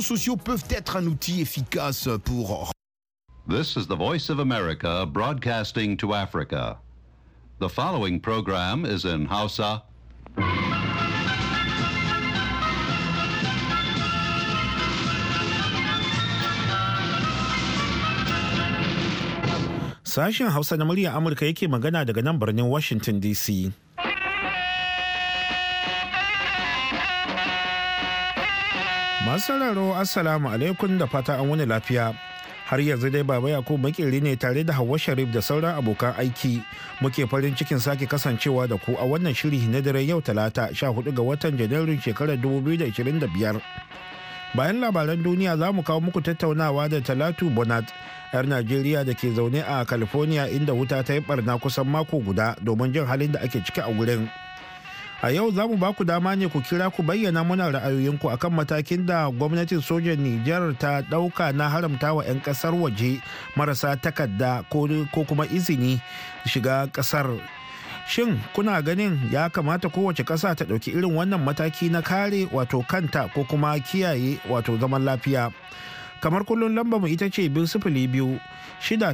sociaux peuvent être un outil efficace pour... This is the Voice of America broadcasting to Africa. The following program is in Hausa. Sashen Hausa na murya Amurka yake magana daga nan birnin Washington DC. Masu sauraro Assalamu alaikum da fata an wani lafiya. Har yanzu dai Baba Yakub Makeri ne tare da Hauwa Sharif da sauran abokan aiki muke farin cikin sake kasancewa da ku a wannan shiri na daren yau Talata 14 ga watan Janairun shekarar 2025. Bayan labaran duniya za mu kawo muku tattaunawa da Talatu Bonat, 'yar Najeriya da ke zaune a California inda wuta ta yi barna kusan mako guda domin jin halin da ake ciki a wurin. A yau za mu baku dama ne ku kira ku bayyana muna ra'ayoyinku kan matakin da gwamnatin sojan Nijar ta ɗauka na haramtawa 'yan ƙasar waje marasa takarda ko kuma izini shiga ƙasar. Shin kuna ganin ya kamata kowace ƙasa ta ɗauki irin wannan mataki na kare wato kanta ko kuma kiyaye wato zaman lafiya. kamar kullum lamba mu ita ce biyu sifili biyu shida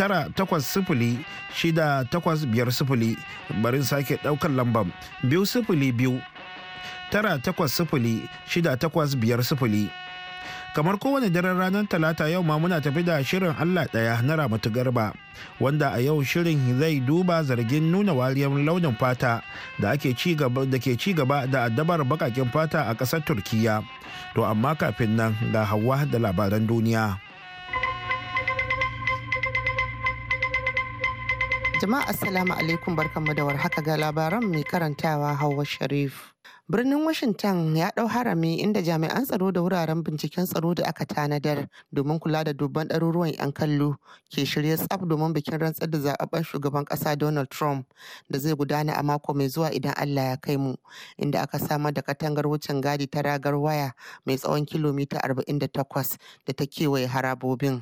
tara takwas sifili shida takwas biyar sifili barin sake daukan lambam biyu sifili biyu tara takwas sifili shida takwas biyar sifili kamar kowane daren ranar talata yau ma muna tafi da shirin allah ɗaya na ramatu garba wanda a yau shirin zai duba zargin nuna wariyar launin fata da ke ci gaba da addabar bakakin fata a ƙasar turkiya to amma kafin nan ga hawa da labaran duniya Jama'a Assalamu alaikum barkanmu da warhaka ga labaran mai karantawa Hauwa Sharif. Birnin Washington ya ɗau harami inda jami'an tsaro da wuraren binciken tsaro da aka tanadar domin kula da dubban ɗaruruwan 'yan kallo ke shirya tsaf domin bikin rantsar da zaɓaɓɓen shugaban ƙasa Donald Trump da zai gudana a mako mai zuwa idan Allah ya kai mu, inda aka samar da katangar wucin gadi ta ragar waya mai tsawon kilomita 48 da ta kewaye harabobin.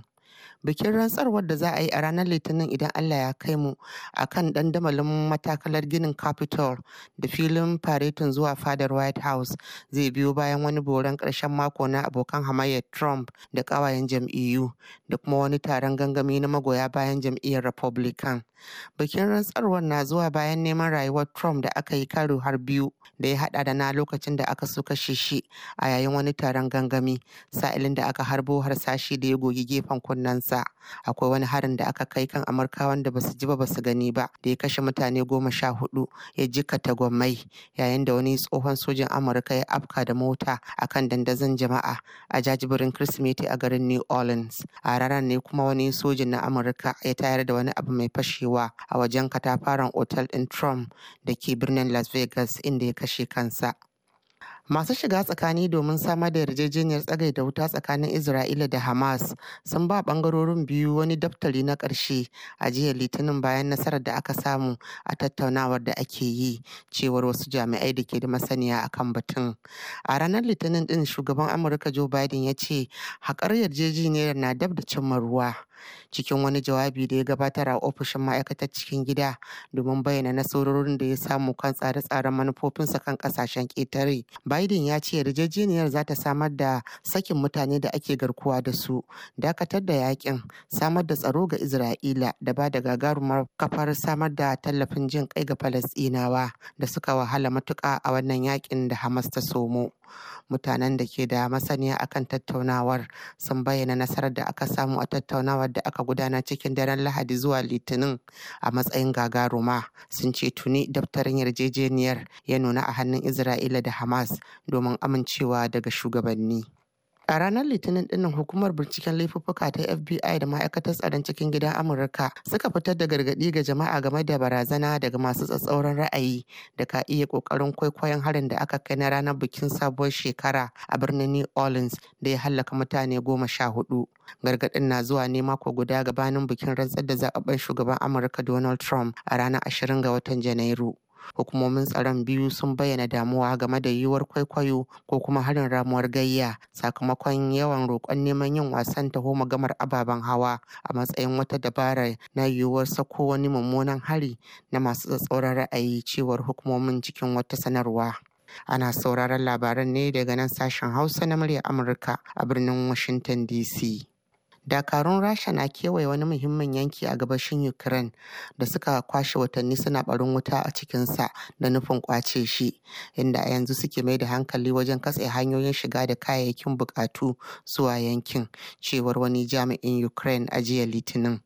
bikin rantsarwar da za a yi a ranar litinin idan allah ya kai mu a kan dandamalin matakalar ginin capitol da filin faretin zuwa fadar white house zai biyo bayan wani boron ƙarshen mako na abokan hamayyar trump da ƙawayen jam'iyyu da kuma wani taron gangami na magoya bayan jam'iyyar republican Bikin rantsarwar na zuwa bayan neman rayuwar Trump da aka yi karo har biyu da ya haɗa da na lokacin da aka so kashe shi a yayin wani taron gangami, sa'ilin da aka harbo harsashi da ya gogi gefen kunnensa. Akwai wani harin da aka kai kan Amurkawan da basu ji ba basu gani ba da ya kashe mutane goma sha hudu ya jikkata gwammai yayin da wani tsohon sojin Amurka ya afka da mota a kan dandazon jama'a a jajibirin Kirsimeti a garin New Orleans. A ranar ne kuma wani sojin na Amurka ya tayar da wani abu mai fashewa. cewa a wajen katafaren otal ɗin Trump da ke birnin Las Vegas inda ya kashe kansa. Masu shiga tsakani domin samar da yarjejeniyar tsagai da wuta tsakanin Isra'ila da Hamas sun ba bangarorin biyu wani daftari na ƙarshe a jiya Litinin bayan nasarar da aka samu a tattaunawar da ake yi, cewar wasu jami'ai da ke da masaniya a kan batun. A ranar Litinin din shugaban Amurka Joe Biden ya ce, haƙar yarjejeniyar na dab da cimma ruwa. cikin wani jawabi da ya gabatar a ofishin ma'aikatar cikin gida domin bayyana nasarorin da ya samu kan tsare-tsaren manufofinsa kan kasashen ƙetare. Biden ya ce yarjejeniyar za ta samar da sakin mutane da ake garkuwa da su, dakatar da yakin, samar da tsaro ga Isra'ila da ba da gagarumar kafar samar da tallafin jin kai ga Falasɗinawa da suka wahala matuƙa a wannan yakin da Hamas ta somo. mutanen da ke da masaniya akan tattaunawar sun bayyana nasarar da aka samu a tattaunawar da aka gudana cikin daren lahadi zuwa litinin a matsayin gagaruma sun ce tuni daftarin yarjejeniyar ya nuna a hannun isra'ila da hamas domin amincewa daga shugabanni A ranar Litinin dinnan hukumar binciken laifuffuka ta FBI da ma'aikatar tsaron cikin gidan Amurka suka fitar da gargaɗi ga jama'a game da barazana daga masu tsatsauran ra'ayi da ka iya ƙoƙarin kwaikwayon harin da aka kai na ranar bikin sabuwar shekara a birnin New Orleans da ya hallaka mutane goma sha hudu. Gargaɗin na zuwa ne mako guda gabanin bikin rantsar da zababben shugaban Amurka Donald Trump a ranar ashirin ga watan Janairu. hukumomin tsaron biyu sun bayyana damuwa game da yiwuwar kwaikwayo ko kuma harin ramuwar gayya sakamakon yawan roƙon neman yin wasan taho gamar ababen hawa a matsayin wata dabara na yiwuwar sako wani mummunan hari na masu tsatsauran ra'ayi cewar hukumomin cikin wata sanarwa. Ana sauraron labaran ne daga nan sashen Hausa na murya Amurka a birnin Washington DC. Dakarun Rasha na kewaye wani muhimmin yanki a gabashin Ukraine da suka kwashe watanni suna barin wuta a cikinsa da nufin kwace shi, inda a yanzu suke mai da hankali wajen katse hanyoyin shiga da kayayyakin bukatu zuwa yankin, cewar wani jami'in Ukraine a jiya Litinin.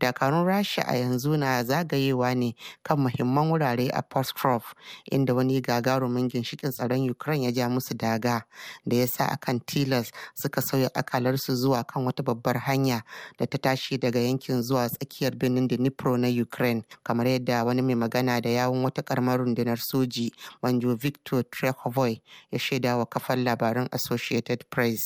Dakarun Rasha a yanzu na zagayewa ne kan muhimman wurare a Postcroft, inda wani gagarumin ginshikin tsaron Ukraine ya ja musu daga da ya sa akan tilas suka sauya akalarsu zuwa kan wata babbar hanya da ta tashi daga yankin zuwa tsakiyar birnin Dnipro na Ukraine, kamar yadda wani mai magana da yawon wata karamar rundunar soji wanjo Victor Trekhovoy ya shaida wa kafar labaran Associated Press.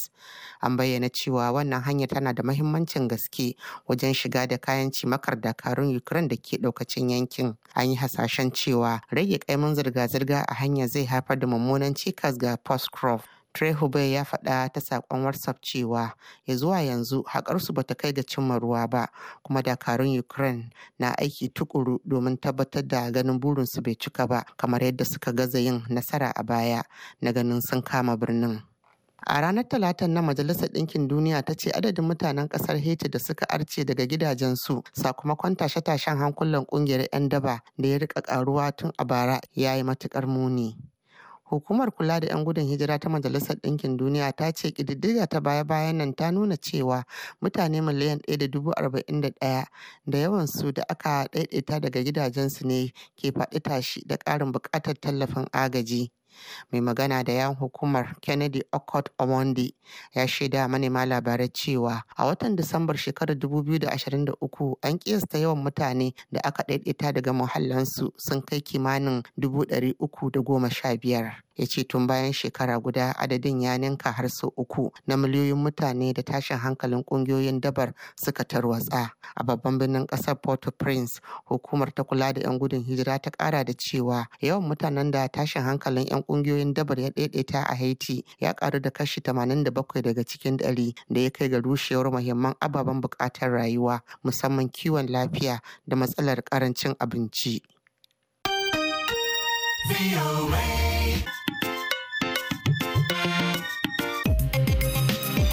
An bayyana cewa wannan hanya tana da mahimmancin gaske wajen shiga Ana da kayan cimakar dakarun Ukraine da ke ɗaukacin yankin. An yi hasashen cewa rage kaimin zirga-zirga a hanya zai haifar da mummunan cikas ga Postcroft. Trehube ya faɗa ta saƙon WhatsApp cewa ya zuwa yanzu haƙarsu ba ta kai ga cimma ruwa ba kuma dakarun Ukraine na aiki tukuru domin tabbatar da ganin burinsu bai cika ba kamar yadda suka gaza yin nasara a baya na ganin sun kama birnin. A ranar Talatan na Majalisar Ɗinkin Duniya ta ce adadin mutanen ƙasar Haiti da suka arce daga gidajensu sakamakon tashe-tashen hankulan ƙungiyar 'yan daba da ya rika ƙaruwa tun a bara ya yi matuƙar muni. Hukumar kula da 'yan gudun hijira ta Majalisar Ɗinkin Duniya ta ce ƙididdiga ta baya-bayan nan ta nuna cewa mutane miliyan ɗaya da dubu arba'in da ɗaya da yawansu da aka ɗaiɗaita daga gidajensu ne ke faɗi tashi da ƙarin buƙatar tallafin agaji. Mai magana da 'yan hukumar Kennedy Okot Omondi ya shaida manema labarai cewa a watan Disambar shekarar 2023 an kiyasta yawan mutane da aka ɗaiɗaita daga muhallansu sun kai kimanin 315 ya ce tun bayan shekara guda adadin ya ninka har sau uku na miliyoyin mutane da tashin hankalin kungiyoyin dabar suka tarwatsa a babban birnin kasar port prince hukumar ta kula da 'yan gudun hijira ta kara da cewa yawan mutanen da tashin hankalin 'yan kungiyoyin dabar ya daidaita a haiti ya karu da kashi 87 daga cikin dari da ya kai ga rushewar muhimman ababen bukatar rayuwa musamman kiwon lafiya da matsalar karancin abinci.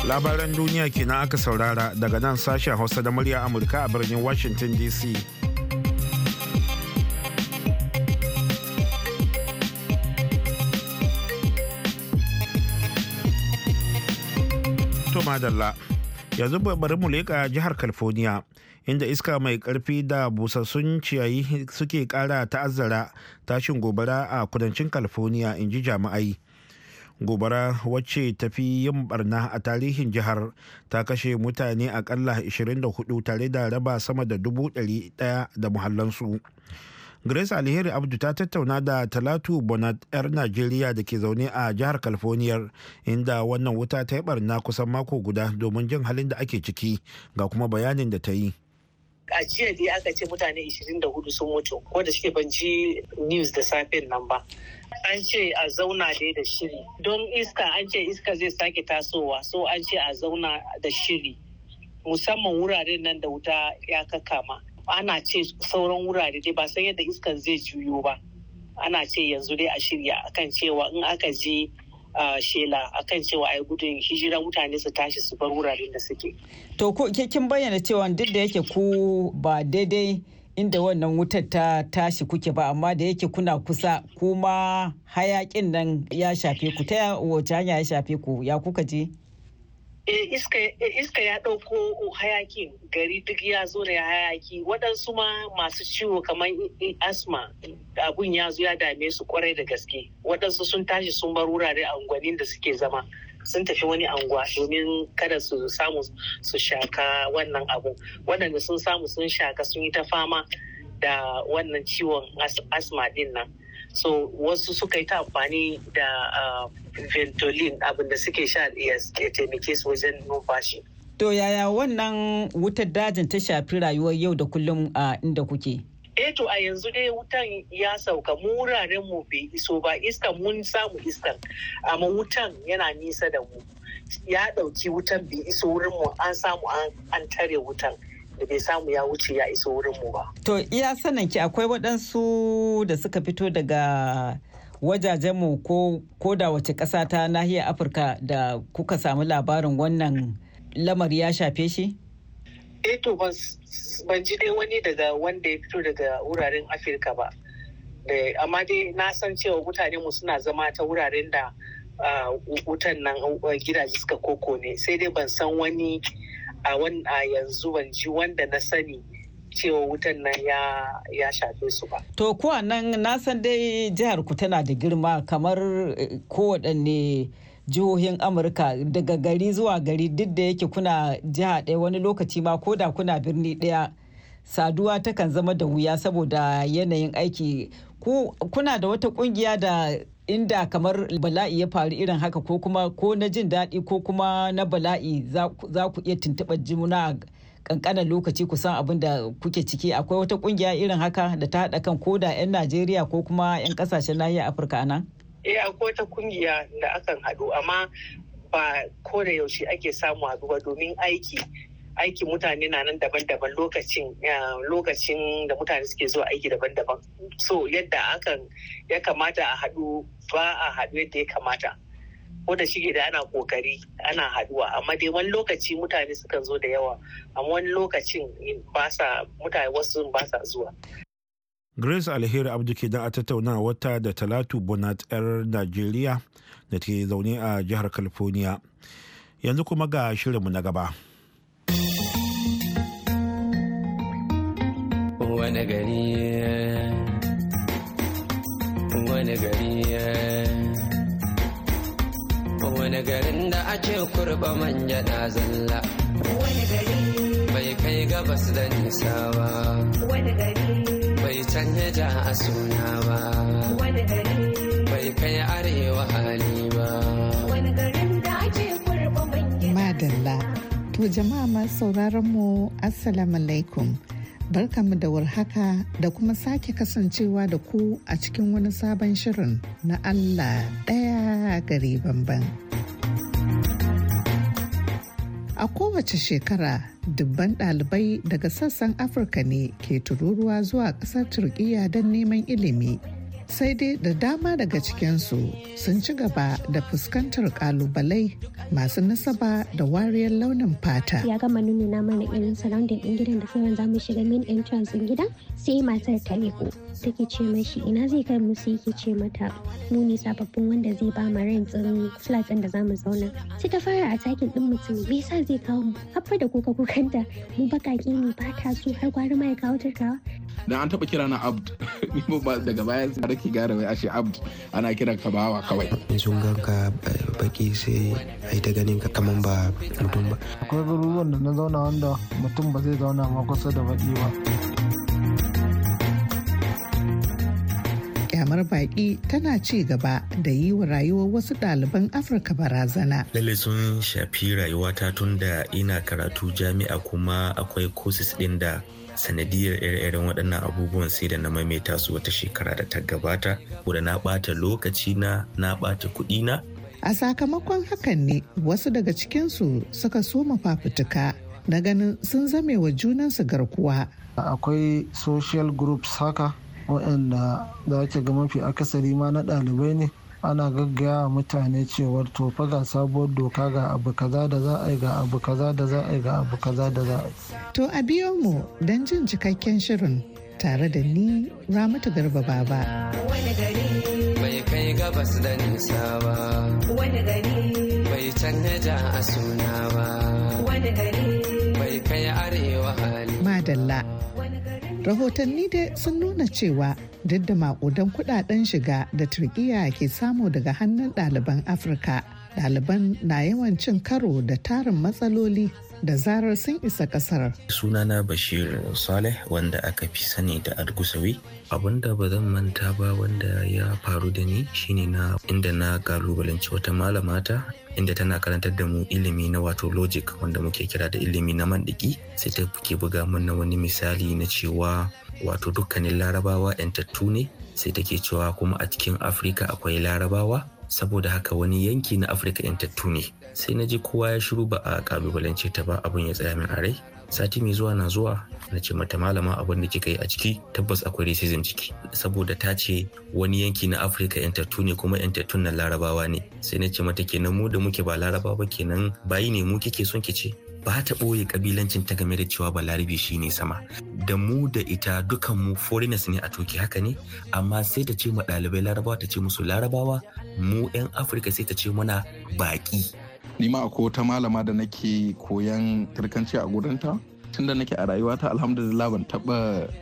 labaran duniya kenan aka saurara daga nan sashen hausa da murya amurka a birnin washington dc to madalla yanzu bari mu leƙa jihar california inda iska mai karfi da busassun ciyayi suke kara ta'azzara tashin gobara a kudancin california in ji jami'ai gobara wacce ta fi yin barna a tarihin jihar ta kashe mutane akalla 24 tare da raba sama da dubu da muhallansu grace alheri abdu ta tattauna da talatu bonat 'yar najeriya da ke zaune a jihar california inda wannan wuta ta yi barna kusan mako guda domin jin halin da ake ciki ga kuma bayanin da ta yi a jiya dai aka ce mutane 24 sun mutu wanda suke ban ji news da safin nan ba an ce a zauna dai da shiri don iska an ce iska zai sake tasowa so an ce a zauna da shiri musamman wuraren nan da wuta ya kakama ana ce sauran wurare dai ba san yadda iskan zai juyo ba ana ce yanzu dai a shirya akan cewa in aka je shela akan cewa ai gudun hijira mutane su tashi su bar wuraren da suke to kin bayyana cewa duk da yake ku ba daidai inda wannan wutar ta tashi kuke ba amma da yake kuna kusa kuma hayakin nan ya shafe ku ta wace hanya ya shafe ku ya kuka je eh, eh, iska ya ɗauko hayakin gari duk ya zo da ya hayaki waɗansu ma masu ciwo kamar asma abun ya zo ya dame su kwarai da gaske waɗansu sun tashi sun bar wurare a unguwannin da suke zama sun tafi wani anguwa domin kada su samu su shaka wannan abu waɗanda sun samu sun shaka sun yi ta fama da wannan ciwon asma din nan so wasu suka yi ta amfani da ah, ventolin abinda suke sha ya taimake su wajen numfashi to yaya wannan wutar dajin ta shafi rayuwar yau da kullum a ah, inda kuke eh to a yanzu dai wutan ya sauka mu wuraren mu bai iso ba iska mun samu iskan amma wutan yana nisa da mu ya ɗauki wutan bai iso wurin mu an samu an tare wutan da bai samu ya wuce ya iso wurin mu ba to iya sanin ki akwai waɗansu da suka fito daga wajajen mu ko ko da wace ƙasa ta nahiyar afirka da kuka samu labarin wannan lamari ya shafe shi eh to ban ji dai wani daga wanda ya fito daga wuraren afirka ba amma dai na san cewa mutane mu suna zama ta wuraren da wutan nan gidaje suka koko ne sai dai ban san wani a yanzu ban ji wanda na sani cewa wutan nan ya shafe su ba. To kuwa nan na san dai jihar ku tana da girma kamar eh, kowaɗanne jihohin amurka daga gari zuwa gari duk da yake kuna jiha ɗaya wani lokaci ma ko da kuna birni ɗaya saduwa takan zama da wuya saboda yanayin aiki ku kuna da wata kungiya da inda kamar bala'i ya faru irin haka ko kuma ko na jin daɗi ko kuma na bala'i za ku iya tuntuɓar jimuna kankanan lokaci ku san abin da kuke ciki akwai wata kungiya irin haka da ta haɗa kan ko da 'yan najeriya ko kuma 'yan ƙasashen nahiyar afirka nan? eh akwai wata kungiya da akan haɗu amma ba ko da yaushe ake samu haɗu ba domin aiki aiki mutane na nan daban-daban lokacin eh, lokacin da mutane suke zuwa aiki daban-daban so yadda akan ya kamata a haɗu ba a haɗu yadda ya kamata ko da shige da ana kokari ana haɗuwa amma dai wani lokaci mutane sukan zo da yawa amma wani lokacin ba sa mutane wasu ba sa zuwa grace alheri abdu ke da a tattauna wata da talatu bonat 'yar najeriya da ke zaune a jihar california yanzu kuma ga shirinmu na gaba wani gari wani gari wani garin da ake kurba manja na zalla wani gari bai kai gabas da nisa ba wani gari bai canja a suna ba bai kai arewa hali ba madalla to jama'a masu sauraron mu assalamu alaikum barkamu da warhaka da kuma sake kasancewa da ku a cikin wani sabon shirin na Allah ɗaya gari bamban. A kowace shekara, dubban ɗalibai daga sassan Afirka ne ke tururuwa zuwa ƙasar Turkiyya don neman ilimi sai dai da dama daga cikinsu sun ci gaba da fuskantar kalubalai masu nasaba da wariyar launin fata. Ya gama nuna mana irin surrounding ɗin gidan da sauran za mu shiga main entrance ɗin gidan sai matar ta leko take ce mashi ina zai kai musu yake ce mata mu ne sababbin wanda zai ba mu rain ɗin flat ɗin da za mu zauna. Sai ta fara a takin ɗin mutum me yasa zai kawo mu haɓɓa da kuka kukanta mu baƙaƙe ne ba ta so har gwari ma ya kawo turkawa. Da an taɓa kira na Abd daga baya ake gyara mai ashe abdu ana kiran ka bawa kawai in sun ganka eh, baki sai a yi ta ganin ka kaman ba mutum ba akwai garuruwan da na zauna wanda mutum ba zai zauna ma kusa da baki ba kyamar baki tana ci gaba da yi wa rayuwar wasu ɗaliban afirka barazana lalle sun shafi rayuwata tun da ina karatu jami'a kuma akwai kosis ɗin da sanadiyar ire waɗannan abubuwan sai da na maimaita su wata shekara da ta gabata da na ɓata lokaci na na ɓata kuɗi na a sakamakon hakan ne wasu daga cikinsu suka soma fafutuka na ganin sun zame wa junansu garkuwa akwai social groups haka waɗanda za ga mafi akasari ma na ɗalibai ne ana gaggaya mutane cewar to fa ga sabuwar doka ga abu kaza da za a yi ga abu kaza da za a yi ga abu kaza da za a yi. To a biyo mu don jin cikakken shirin tare da ni Ramatu Garba Baba. Wani gari bai kai gabas da nisa ba. Wani gari bai canja a suna ba. Wani gari kai Madalla. Rahotanni dai sun nuna cewa duk da makudan kudaden shiga da turkiya ke samu daga hannun ɗaliban Afirka, ɗaliban na yawan cin karo da tarin matsaloli da zarar sun isa kasar. Sunana Bashir Saleh wanda aka fi sani da Argusawi. abin da ba zan manta ba wanda ya faru da ni shine na inda na kalubalanci wata malamata inda tana karantar da mu ilimi na wato logic wanda muke kira da ilimi na mandiki sai ta ke buga na wani misali na cewa wato dukkanin larabawa 'yantattu ne sai take cewa kuma a cikin afirka akwai larabawa saboda haka wani yanki na afirka 'yantattu ne sai na ji kowa ya shiru ba a kalubalance ta ba abin ya tsaya min a rai sati mai zuwa na zuwa na ce mata malama abin da kika yi a ciki tabbas akwai racism ciki saboda ta ce wani yanki na afirka yantattu ne kuma yantattun na larabawa ne sai na ce mata kenan mu da muke ba larabawa kenan bayi ne mu kike son ki ce ba ta ɓoye kabilancin ta game da cewa larabi shi ne sama da mu da ita dukan mu foreigners ne a toki haka ne amma sai ta ce ma ɗalibai larabawa ta ce musu larabawa mu 'yan afirka sai ta ce muna baƙi ni ma akwai wata malama da nake koyan turkanci a gudanta tun da nake a rayuwa ta alhamdulillah ban taba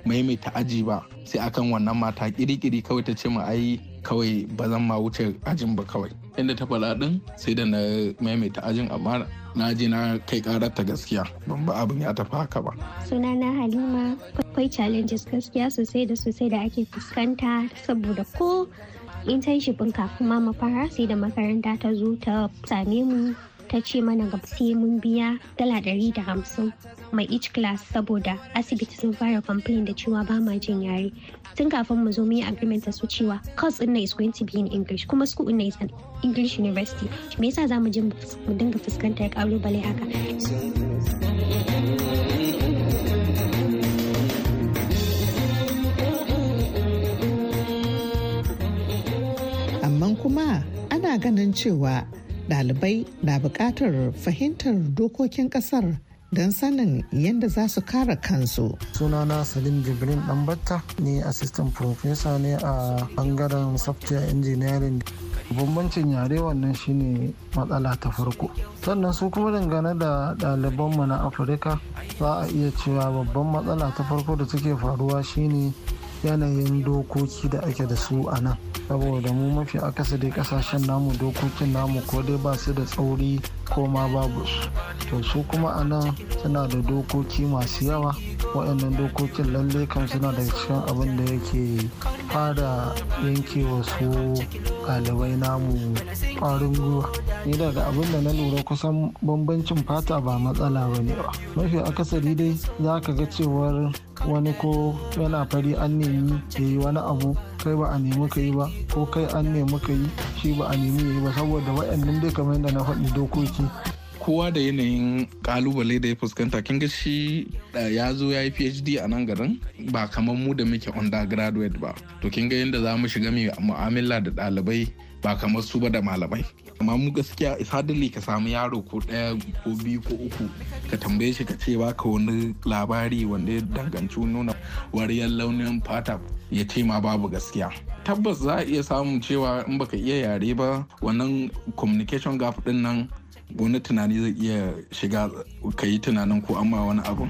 maimaita aji ba sai akan wannan mata kirikiri kawai ta ce ma ai kawai ba zan ma wuce ajin ba kawai inda ta faɗa din sai da na maimaita ajin amma na je na kai karar ta gaskiya ban ba abin ya tafi haka ba suna na halima akwai challenges gaskiya sosai da sosai da ake fuskanta saboda ko internship kafin ma mafara sai da makaranta ta zo ta same mu ta ce mana ga sai mun biya dala ɗari da hamsin mai each class saboda asibiti sun fara complain da cewa ba ma jin yare tun kafin mu zo mu yi agreement su cewa course din na is going to be in english kuma school din na is an english university me yasa za mu mu dinga fuskantar kalubale haka amma kuma ana ganin cewa dalibai na bukatar fahimtar dokokin ƙasar don sanin yadda za su kare kansu. sunana salim jibrin ɗanbatta ne assistant professor ne a bangaren software engineering bambancin yare wannan shine matsala ta farko sannan su kuma dangane da ɗalibanmu na afirka za a iya cewa babban matsala ta farko da suke faruwa shine yanayin dokoki da ake da su a nan saboda mu mafi akasari kasashen namu dokokin namu ko dai ba su da tsauri ko ma babu su to su kuma a nan suna da dokoki masu yawa waɗannan dokokin lalle kan suna da cikin abin da yake fara yanke wasu ɗalibai namu ƙwarin gwiwa ni daga abin da na lura kusan bambancin fata ba matsala ba ne ba mafi akasari dai za ka ga cewar wani ko yana fari an nemi ya yi wani abu kai ba a nemi ka yi ba ko kai an nemi ka yi shi ba a nemi ya yi ba saboda waɗannan dai kamar yadda na faɗi dokoki kowa da yanayin kalubale da ya fuskanta kin ga shi eh, ya zo ya yi phd a nan garin ba kamar mu da muke undergraduate ba to kin ga yadda za mu shiga mu'amala da ɗalibai ba kamar su ba da malamai amma mu gaskiya sadali ka samu yaro ko ɗaya ko biyu ko uku ka tambaye shi ka ce baka wani labari wanda ya danganci nuna wariyar launin fata ya ce ma babu gaskiya tabbas za a iya samun cewa in baka iya yare ba wannan communication gap din nan wani tunani zai iya shiga ka yi tunanin ko amma wani abu.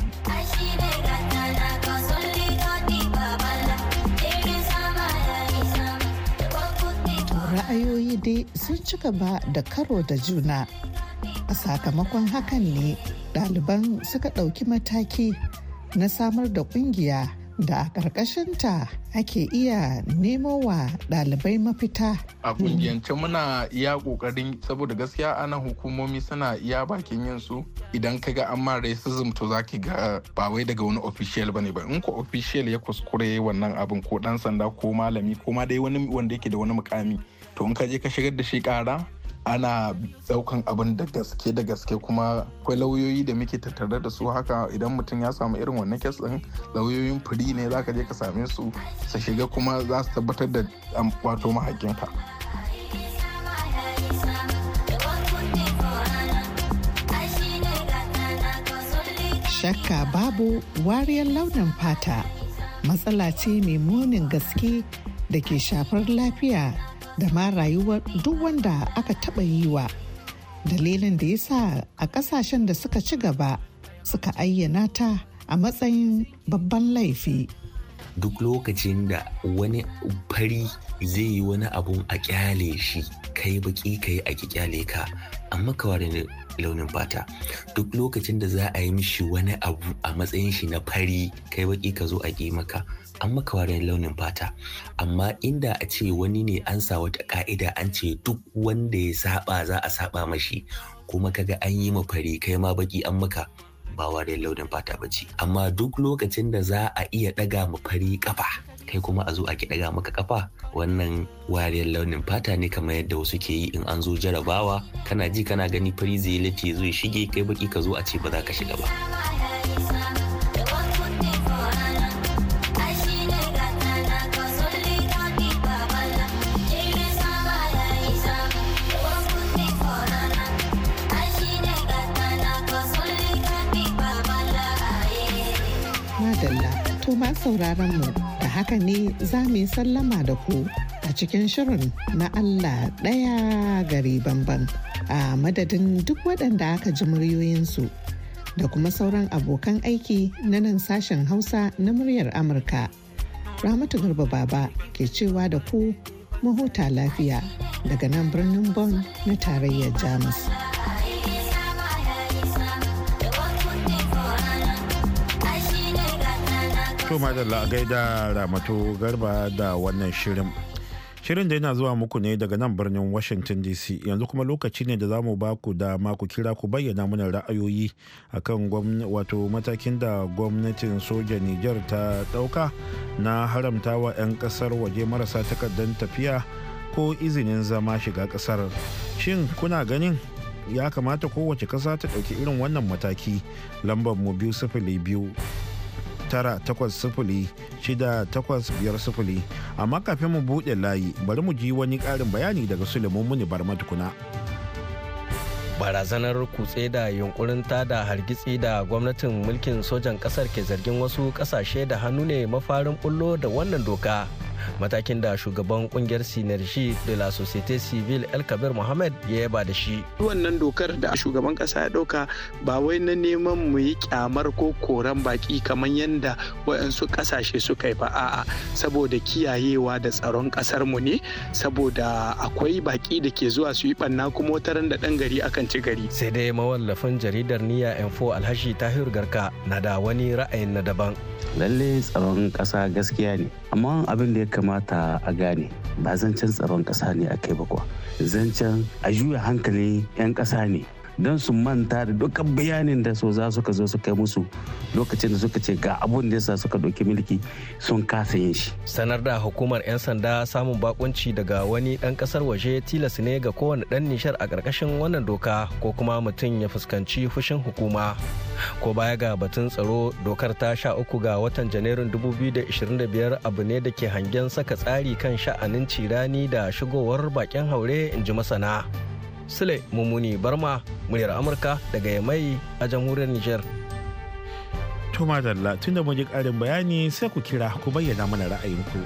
ra'ayoyi dai sun ci gaba da karo da juna a sakamakon hakan ne ɗaliban suka ɗauki mataki na samar da ƙungiya da a ƙarƙashinta ake iya nemo wa ɗalibai mafita. A kungiyance muna iya ƙoƙarin saboda gaskiya ana hukumomi suna iya bakin yin su idan ka ga an mara racism to zaki ga ba wai daga wani official bane ba in ko official ya kuskure wannan abin ko ɗan sanda ko malami ko ma dai wani wanda yake da wani mukami. to in ka je ka shigar da shi ƙara ana daukan abin da gaske da gaske kuma akwai lauyoyi da muke tattare da su haka idan mutum ya samu irin wannan kes din lauyoyin firi ne za ka je ka same su su shiga kuma za su tabbatar da um, wato mahaƙinka. shakka babu wariyar launin fata matsala ce mai munin gaske da ke shafar lafiya da ma rayuwar duk wanda aka taɓa yi wa. Dalilin da ya sa a ƙasashen da suka ci gaba suka ayyana ta a matsayin babban laifi. Duk lokacin da wani fari zai yi wani abun a kyale shi, kai baki kai a kyale ka, amma kawai launin fata duk lokacin da za a yi mishi wani abu a matsayin shi na fari kai baki ka zo a maka an maka wariyar launin fata amma inda a ce wani ne an sa wata ka'ida an ce duk wanda ya saba za a saba mashi kuma kaga an yi ma fari kai ma baki an maka ba wariyar launin fata ba ce amma duk lokacin da za a iya daga ma fari kafa kai kuma a zo a ki daga maka kafa wannan wariyar launin fata ne kamar yadda wasu ke yi in an zo jarabawa kana ji kana gani fari zai laifi zo shige kai baki ka zo a ce ba za ka shiga ba. sauraronmu da haka ne za mu yi sallama da ku a cikin shirin na Allah ɗaya gari bamban a madadin duk waɗanda aka ji muryoyinsu da kuma sauran abokan aiki na nan sashen Hausa na muryar Amurka. Ramatu Garba Baba ke cewa da ku mahuta lafiya daga nan birnin Bonn na tarayyar Jamus. kuma da gaida Ramatu Garba da wannan shirin. Shirin da yana zuwa muku ne daga nan birnin Washington DC yanzu kuma lokaci ne da za mu ba ku da ku kira ku bayyana mana ra'ayoyi akan wato matakin da gwamnatin soja niger ta ɗauka na haramtawa 'yan kasar waje marasa takardar tafiya ko izinin zama shiga kasar Shin kuna ganin ya kamata kowace ƙasa ta ɗauki irin wannan mataki lambar mu biyu sifili biyu tara takwas sifili shida takwas biyar sifili amma kafin mu buɗe layi bari mu ji wani ƙarin bayani daga suleiman muni barma matukuna. barazanar kutse da yunkurin da hargitsi da gwamnatin mulkin sojan kasar ke zargin wasu kasashe da hannu ne mafarin bullo da wannan doka matakin da shugaban kungiyar sinergi de la societe civile el kabir mohammed ya yaba da shi wannan dokar da shugaban kasa ya dauka ba wai na neman mu yi kyamar ko koran baki kamar yadda wayansu kasashe suka yi ba a'a saboda kiyayewa da tsaron kasar mu ne saboda akwai baki da ke zuwa su yi banna kuma ran da dan gari akan ci gari sai dai mawallafin jaridar niyya fo alhashi tahir garka na da wani ra'ayin na daban lallai tsaron kasa gaskiya ne amma abin da ya kamata a gane ba zancen tsaron ƙasa ne a kai ba kuwa zancen a juya hankalin 'yan ƙasa ne don su manta da dukkan bayanin da so za suka zo suka musu lokacin da suka ce ga abun da yasa suka doki mulki sun kasa yin shi. Sanar da hukumar 'yan sanda samun bakunci daga wani ɗan ƙasar waje tilas ne ga kowane ɗan nishar a ƙarƙashin wannan doka ko kuma mutum ya fuskanci fushin hukuma. Ko baya ga batun tsaro dokar ta sha uku ga watan Janairun 2025 abu ne da ke hangen saka tsari kan sha'anin cirani da shigowar bakin haure in ji masana. Sule Mumuni Barma muryar Amurka daga Yamai a jamhuriyar Nijar. To madalla tun da ji karin bayani sai ku kira ku bayyana mana ra'ayinku.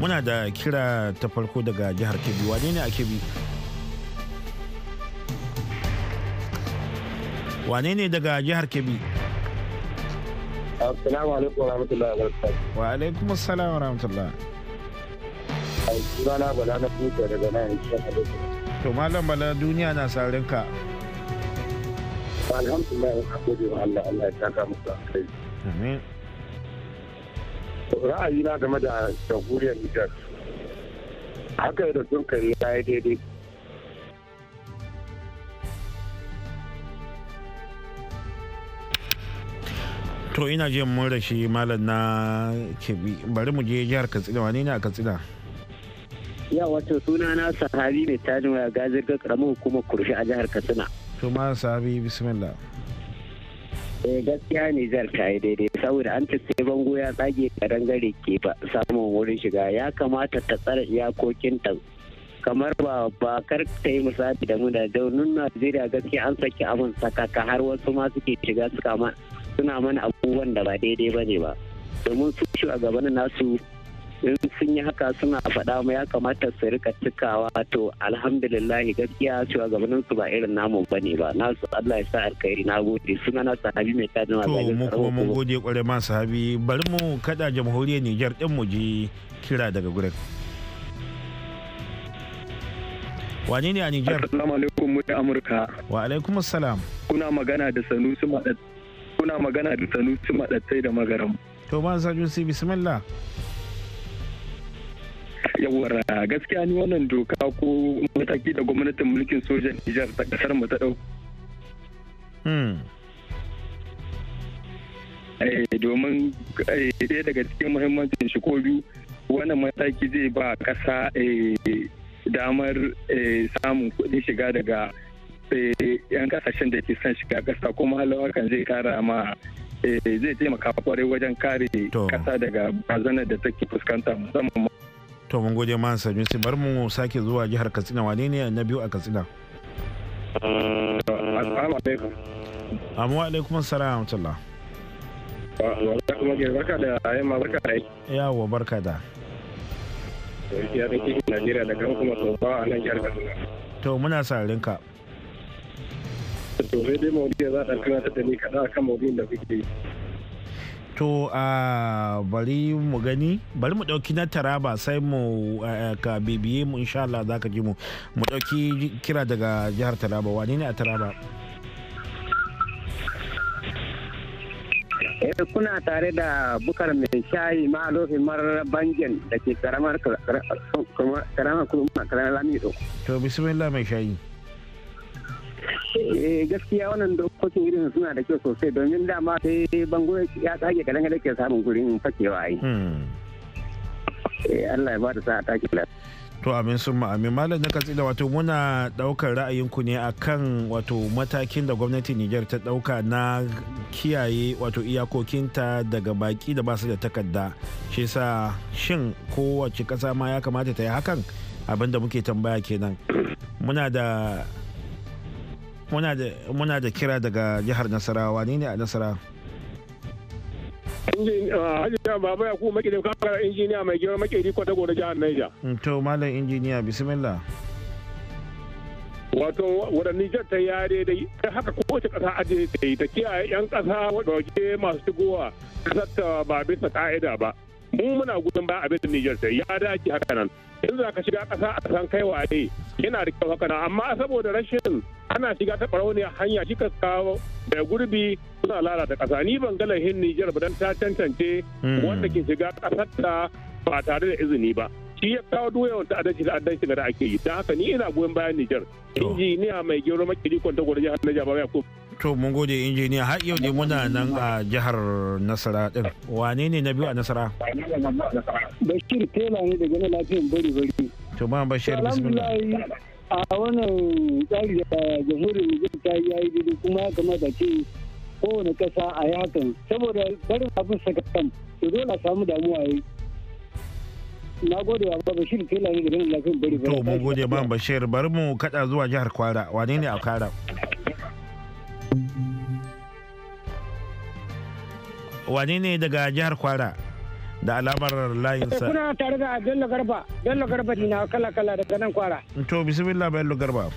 Muna da kira ta farko daga jihar Kebbi wane ne a Kebbi? Wane ne daga jihar Kebbi? Assalamu alaikum wa rahmatullahi wa barakatuh. Wa alaikum assalam wa rahmatullahi. kuma sunana bala na kuta daga nan yankin to malam bala duniya na sarin ka. alhamdulillah ina gode wa Allah Allah ya taka muku akai. amin. na game da jamhuriyar Nijar haka da sun kai ya yi daidai to ina jin mun rashi malam na kebi bari mu je jihar katsina wane ne a katsina ya wato suna na sahabi mai tajin waya gazir ga karamin hukumar kurshi a jihar katsina to ma sahabi bismillah eh gaskiya Nijar ta yi daidai saboda an sai bango ya tsage gare ke ba samun wurin shiga ya kamata ta tsara iyakokinta kamar ba ba kar ta yi misali da muna da nuna Najeriya gaskiya an saki abin sakaka har wasu ma suke shiga suka ma suna mana abubuwan da ba daidai ba ne ba domin su shugabannin nasu in sun yi haka suna faɗa mu ya kamata su rika cikawa to alhamdulillah gaskiya shugabannin su ba irin namu ba ne ba na su Allah ya sa alkhairi na gode suna na sahabi mai ta jima to mu kuma mun gode kware ma sahabi bari mu kada jamhuriyar Niger din mu ji kira daga gurin wani ne a Niger assalamu alaikum mu Amurka wa alaikum assalam kuna magana da Sanusi Madat kuna magana da Sanusi Madattai da Magaram to ma sajusi bismillah yawar gaskiya ni wannan doka ko mataki da gwamnatin mulkin soja Nijar ta kasar mu ta hmm. eh, domin eh, ɗaya daga cikin muhimmancin shi ko biyu wannan mataki zai ba ƙasa eh, damar samun kuɗin shiga daga yan kasashen da ke son shiga ƙasa kuma hakan zai kara ma zai taimaka kwarai wajen kare ƙasa daga bazanar da take fuskanta musamman to mun gode ma sanusi bar mu sake zuwa jihar katsina wane ne na biyu a katsina amma alaikum salam amtullah barka da yamma barka da yi yawa barka da ya da kifin najeriya da kan kuma tsofa a nan jihar katsina to muna sararin ka to sai dai maudu ya za a ɗan tunatar da ni kaɗa kan maudu da kuke to a bari mu gani bari mu dauki na taraba sai mu ka bibiye mu insha Allah za ka ji mu mu dauki kira daga jihar taraba wani ne a taraba eh kuna tare da bukar mai shayi ma marar bangen da ke karamar karamar kuma karamar lamido to bismillah mai shayi Eh gaskiya wannan dokokin irin suna da kyau sosai domin dama sai bango ya tsage kadan da ke samun gurin fakewa yi. Hmm. Eh, Allah ya ba da sa'a taki To amin sun amin malam na katsina wato muna daukar ra'ayinku ne a kan wato matakin da gwamnatin Nijar ta dauka na kiyaye wato iyakokinta daga baki da basu da takarda. Shi sa shin kowace kasa ma ya kamata ta yi hakan abinda muke tambaya kenan. Muna da muna da kira daga jihar nasarawa ne ne a nasara uh, Hajiya Baba Yakubu Makeri kakar injiniya mai gero Makeri Kwatago na jihar Niger. Mm, to Malam injiniya bismillah. wato wadda Nijar ta yare da ta haka kowace ƙasa aje ta yi ta kiyaye 'yan kasa wadda waje masu shigowa kasar ta ba bisa ƙa'ida ba mu muna gudun ba abin da Nijar ta ya dace haka nan. yanzu za ka shiga kasa a san kai waye yana da kyau haka amma saboda rashin ana shiga ta ne hanya shi ka kawo da gurbi suna lalata ƙasa ni ban ga lahin Nijar ba dan ta tantance hmm. wanda ke shiga ƙasar ta ba tare da izini ba shi ya kawo doya wanda a dace da ake yi don haka ni ina goyon bayan Nijar injiniya mai gero makiri kwanta gwada na jaba ba ya kuma to mun gode injiniya har yau dai muna nan a jihar nasara din wane ne na biyu a nasara bashir tela ne daga na lafiyan bari bari to ma bashir bismillah a wannan tsari da jamhuriyar nijar ta yi yayi daidai kuma ya kamata ce kowane kasa a yakan saboda barin abin sakatan to dole a samu damuwa yi na gode wa bashir tela ne daga na lafiyan bari bari to mun gode ma bashir bari mu kada zuwa jihar kwara wane ne a kwara wani ne daga jihar kwara da alamar layin sa? kuna tare da bello garba bello garba ne na kala kala daga nan kwara to bismillah bello garba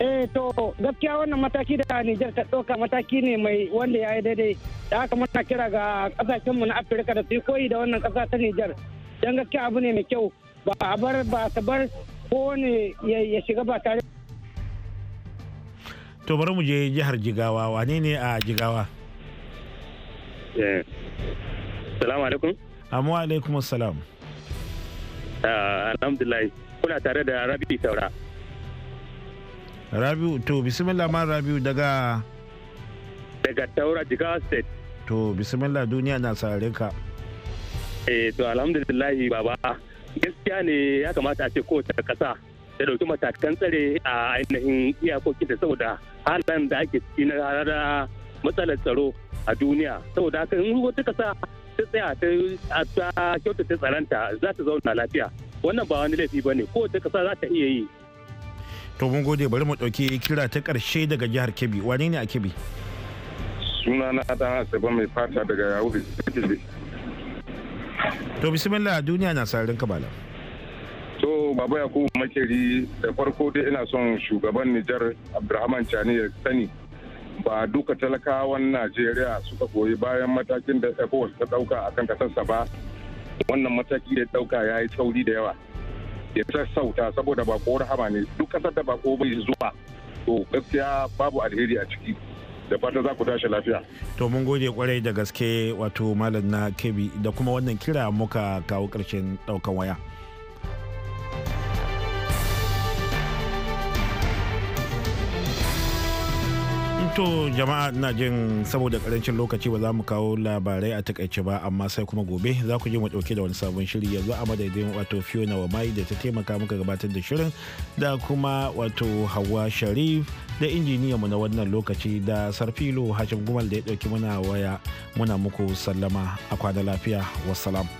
eh to gaskiya wannan mataki da Nijar ta ɗauka mataki ne mai wanda ya yi daidai da aka muna kira ga kasashenmu na Afirka da su koyi da wannan kasa ta Nijar don gaskiya abu ne mai kyau ba a bar ba ta bar ne ya shiga ba tare to bari mu je jihar Jigawa wane ne a Jigawa Eh, salamu alaikum. Amu ah, alaikum salam. Ah, alhamdulillah. Kuna tare da Rabi taura? Rabiu to bismillah ma Rabiu daga daga Taura Jigawa State. To bismillah duniya na sare ka. Eh to alhamdulillah baba gaskiya ne ya kamata a ce ta kasa da dauki matakan tsare a ainihin iyakokin da saboda halin da ake ciki na matsalar tsaro a duniya saboda haka in wata kasa ta tsaya ta kyautata tsaranta za ta zauna lafiya wannan ba wani laifi ba ne ta kasa za ta iya yi to mun gode bari mu ɗauki kira ta karshe daga jihar kebbi wane ne a kebbi suna na dan asaba mai fata daga yawuri to bismillah duniya na sararin kabala to baba yakubu makeri da farko dai ina son shugaban nijar abdulrahman chani ya sani ba duka talakawan najeriya suka goyi bayan matakin da ecowas ta dauka a kan kasarsa ba wannan mataki da dauka ya yi tsauri da yawa ya sassauta saboda ba ko rahama ne duk kasar da ba ko bai zuwa to gaskiya babu alheri a ciki da fata za ku tashi lafiya. To mun gode kwarai da gaske wato malam na kebi da kuma wannan kira muka kawo ƙarshen ɗaukan waya. To jama'a na jin saboda karancin lokaci ba za mu kawo labarai a takaice ba amma sai kuma gobe za ku ji mu dauke da wani sabon shiri yanzu a madadin wato Fiona wa mai da ta taimaka muka gabatar da shirin da kuma wato hawa Sharif da mu na wannan lokaci da Sarfilo Hashim Gumal da ya dauki muna waya muna muku sallama a kwana lafiya wassalam.